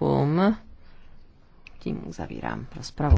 kolegům. Tím uzavírám rozpravu.